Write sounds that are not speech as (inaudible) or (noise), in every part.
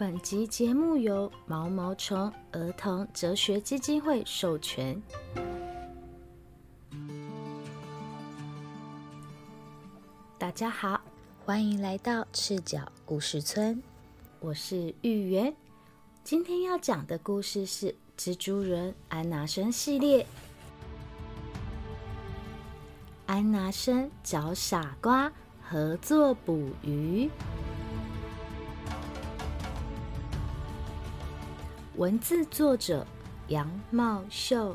本集節目由毛毛蟲兒童哲學基金會授權。大家好，歡迎來到赤腳故事村，我是玉圓。今天要講的故事是《蜘蛛人安納生》系列。安納生找傻瓜合作捕魚。文字作者楊茂秀，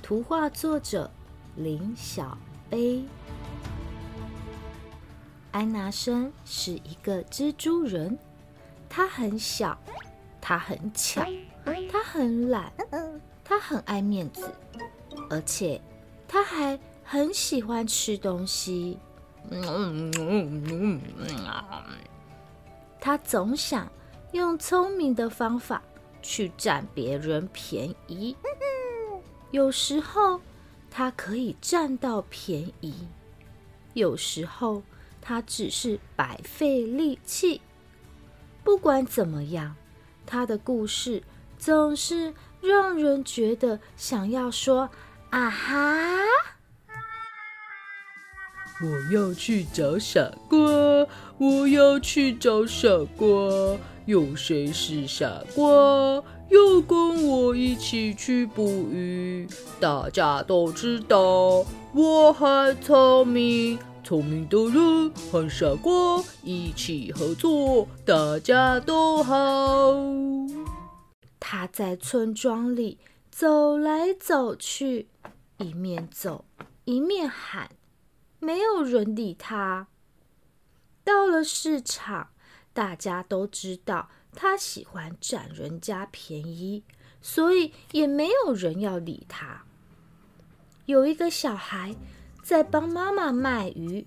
圖畫作者林小杯。安拿生是一個蜘蛛人，他很小，他很巧，他很懶，他很，很愛面子，而且他還很喜歡吃東西。他、嗯嗯嗯嗯嗯、總想用聰明的方法。去占別人便宜，有時候他可以占到便宜，有時候他只是白費力氣。不管怎麼樣，他的故事總是讓人覺得想要說：“啊哈！”我要去找傻瓜。我要去找傻瓜。有誰是傻瓜？又跟我一起去捕魚？大家都知道，我很聰明。聰明的人和傻瓜一起合作，大家都好。他在村莊裡走來走去，一面走一面喊，沒有人理他。到了市場，大家都知道他喜歡占人家便宜，所以也沒有人要理他。有一個小孩在幫媽媽賣魚，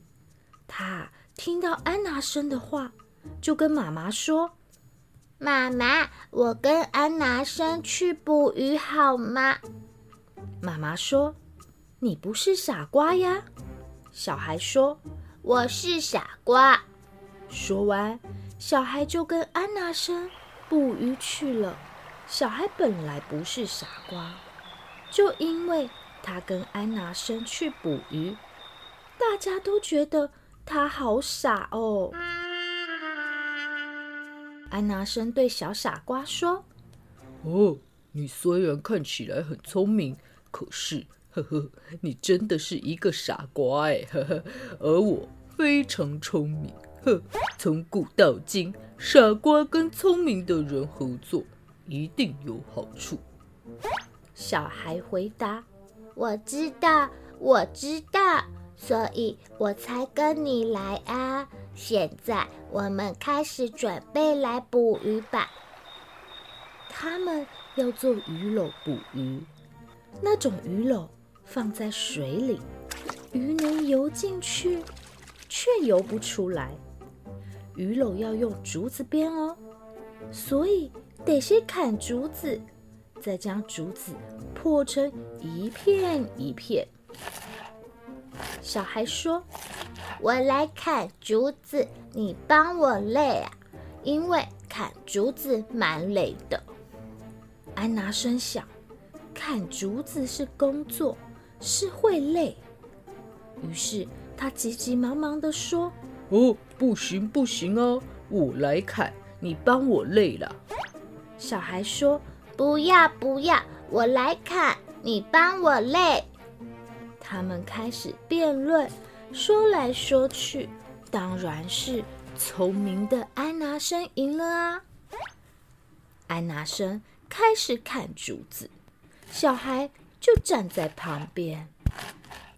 他聽到安拿生的話，就跟媽媽說：“媽媽，我跟安拿生去捕魚好嗎？”媽媽說：“你不是傻瓜呀。”小孩說：“我是傻瓜。”說完，小孩就跟安拿生捕魚去了。小孩本來不是傻瓜，就因為他跟安拿生去捕魚，大家都覺得他好傻哦。嗯、安拿生對小傻瓜說：“哦，你雖然看起來很聰明，可是，呵呵，你真的是一個傻瓜欸，呵呵，而我非常聰明。”哼，從古到今，傻瓜跟聰明的人合作一定有好處。小孩回答：“我知道，我知道，所以我才跟你來啊！現在我們開始準備來捕魚吧。”他們要做魚簍捕魚，那種魚簍放在水裡，魚能游進去，卻游不出來。魚簍要用竹子編哦，所以得先砍竹子，再將竹子破成一片一片。小孩說：“我來砍竹子，你幫我累啊，因為砍竹子蠻累的。”安拿生想：“砍竹子是工作，是會累。”於是他急急忙忙的說：“哦、嗯。”不行不行哦，我來砍，你幫我累了。小孩說：“不要不要，我來砍，你幫我累。”他們開始辯論，說來說去，當然是聰明的安拿生贏了啊。安拿生開始砍竹子，小孩就站在旁邊，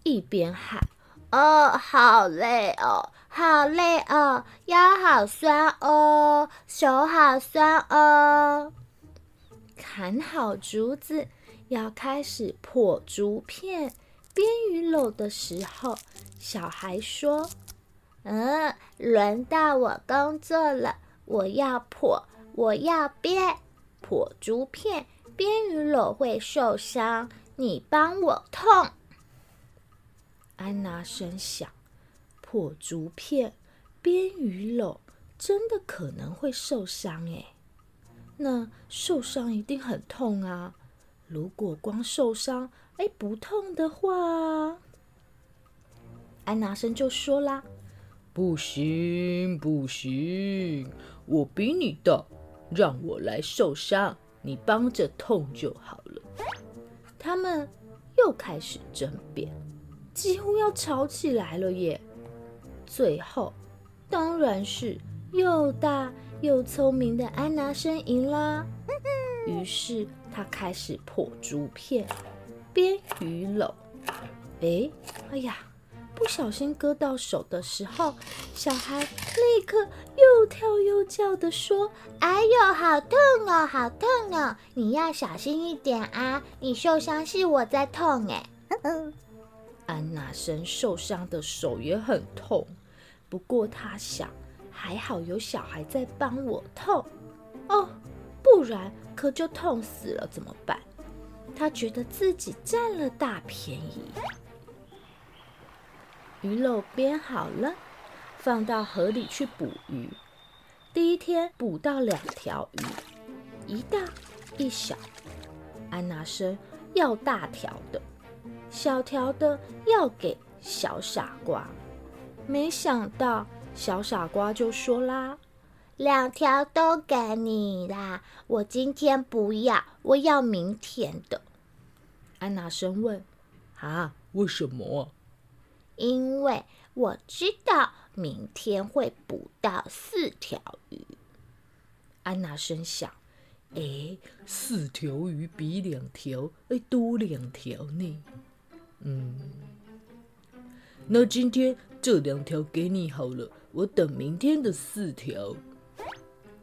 一邊喊：“哦，好累哦。”好累哦，腰好酸哦，手好酸哦。砍好竹子，要開始破竹片、編魚簍的時候，小孩說：“嗯，輪到我工作了，我要破，我要編。破竹片、編魚簍會受傷，你幫我痛。安想”安娜聲響。火竹片、編魚簍，真的可能會受傷哎！那受傷一定很痛啊！如果光受傷，哎、欸，不痛的話，安拿生就說啦：“不行，不行，我比你大，讓我來受傷，你幫着痛就好了。”他們又開始爭辯，幾乎要吵起來了耶！最後，當然是又大又聰明的安拿生贏啦。於 (laughs) 是他開始破竹片，編魚簍。哎、欸，哎呀，不小心割到手的時候，小孩立刻又跳又叫的說：“哎呦，好痛哦，好痛哦！你要小心一點啊！你受傷是我在痛、欸，哎。”安拿生受傷的手也很痛。不過他想，還好有小孩在幫我痛哦，不然可就痛死了，怎麼辦？他覺得自己占了大便宜。魚肉編好了，放到河裡去捕魚。第一天捕到兩條魚，一大一小。安拿生要大條的，小條的要給小傻瓜。沒想到，小傻瓜就說啦：“兩條都給你啦，我今天不要，我要明天的。”安拿生問：“啊，為什麼？”“因為我知道明天會捕到四條魚。”安拿生想：“哎，四條魚比兩條哎多兩條呢。”嗯，那今天，這兩條給你好了，我等明天的四條。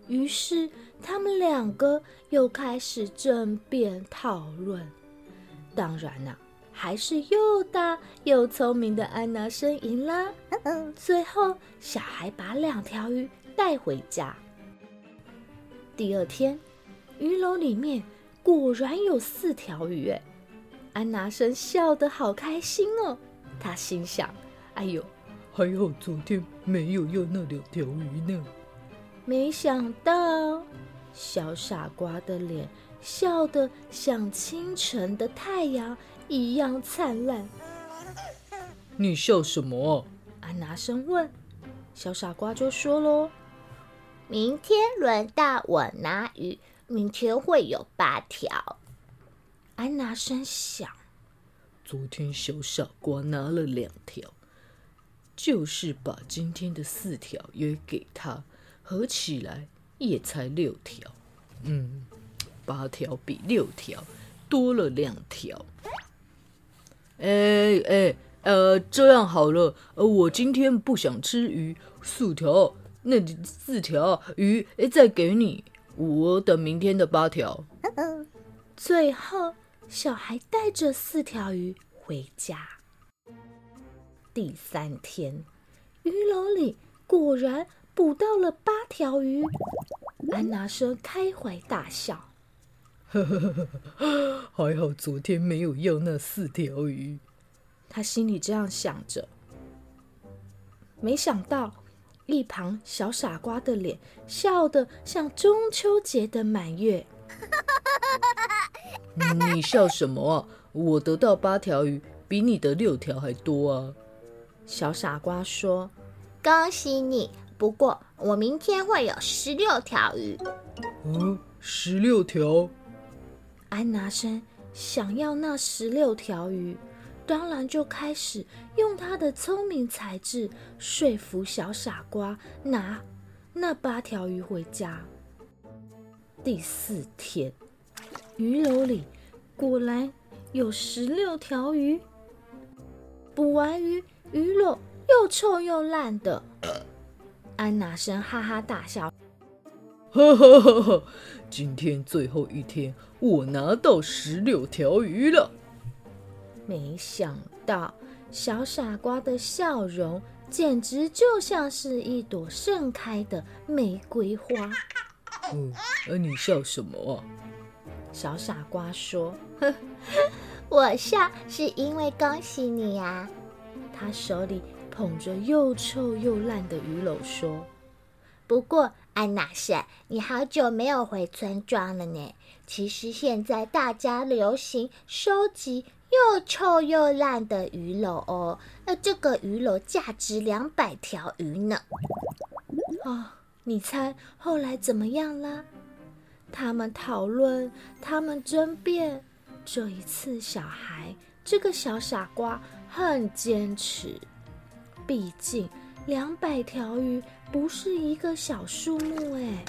於是他們兩個又開始爭辯討論。當然啦、啊，還是又大又聰明的安拿生贏啦。最後，小孩把兩條魚帶回家。第二天，魚簍裡面果然有四條魚，欸、安拿生笑得好開心哦，他心想：“哎呦！”還好昨天沒有要那兩條魚呢。沒想到小傻瓜的臉笑得像清晨的太陽一樣燦爛。你笑什麼？安拿生問。小傻瓜就說嘍：“明天輪到我拿魚，明天會有八條。”安拿生想，昨天小傻瓜拿了兩條。就是把今天的四條也給他，合起來也才六條，嗯，八條比六條多了兩條。哎、欸、哎、欸，呃，這樣好了，我今天不想吃魚，四條，那四條魚，哎，再給你，我等明天的八條。最後，小孩帶着四條魚回家。第三天，魚簍裡果然捕到了八條魚。安拿生開懷大笑：“ (laughs) 還好昨天沒有要那四條魚。”他心裡這樣想着。沒想到，一旁小傻瓜的臉笑得像中秋節的滿月。 (laughs) “你笑什麼啊？我得到八條魚，比你的六條還多啊！”小傻瓜說：“恭喜你，不過我明天會有十六條魚。哦。”“嗯，十六條。”安拿生想要那十六條魚，當然就開始用他的聰明才智說服小傻瓜拿那八條魚回家。第四天，魚簍裡果然有十六條魚。捕完魚。魚肉又臭又爛的， (coughs) 安拿生哈哈大笑。呵呵呵呵，今天最後一天，我拿到十六條魚了。沒想到，小傻瓜的笑容簡直就像是一朵盛開的玫瑰花。嗯， (coughs) 哦、而你笑什麼啊？小傻瓜說：“呵呵，我笑是因為恭喜你呀、啊。”他手裡捧着又臭又爛的魚簍，說：“不過，安拿生，你好久沒有回村莊了呢。其實現在大家流行收集又臭又爛的魚簍哦。那這個魚簍價值兩百條魚呢。啊、哦，你猜後來怎麼樣了？他們討論，他們爭辯。這一次，小孩這個小傻瓜。”很堅持，畢竟兩百條魚不是一個小數目哎。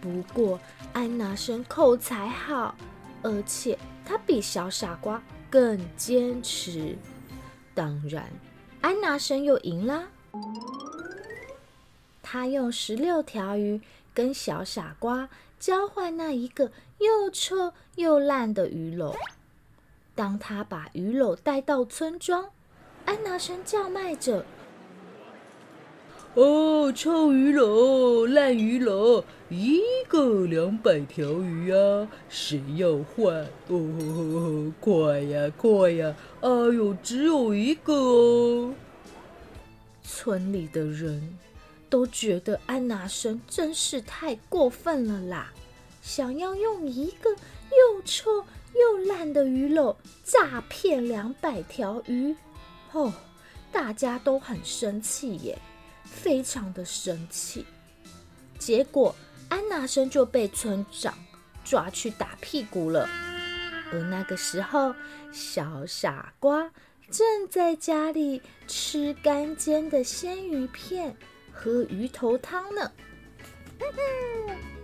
不過安拿生口才好，而且她比小傻瓜更堅持。當然，安拿生又贏啦。她用十六條魚跟小傻瓜交換那一個又臭又爛的魚簍。當他把魚簍帶到村莊，安拿生叫賣着：“哦，臭魚簍，爛魚簍，一個兩百條魚呀、啊！誰要換？哦，快、哦、呀，快呀！哎、啊、呦，只有一個、哦！”村裡的人都覺得安拿生真是太過分了啦，想要用一個又臭。爛的魚肉詐騙兩百條魚哦，大家都很生氣耶，非常的生氣。結果安拿生就被村長抓去打屁股了，而那個時候小傻瓜正在家裡吃乾煎的鮮魚片，喝魚頭湯呢。 (laughs)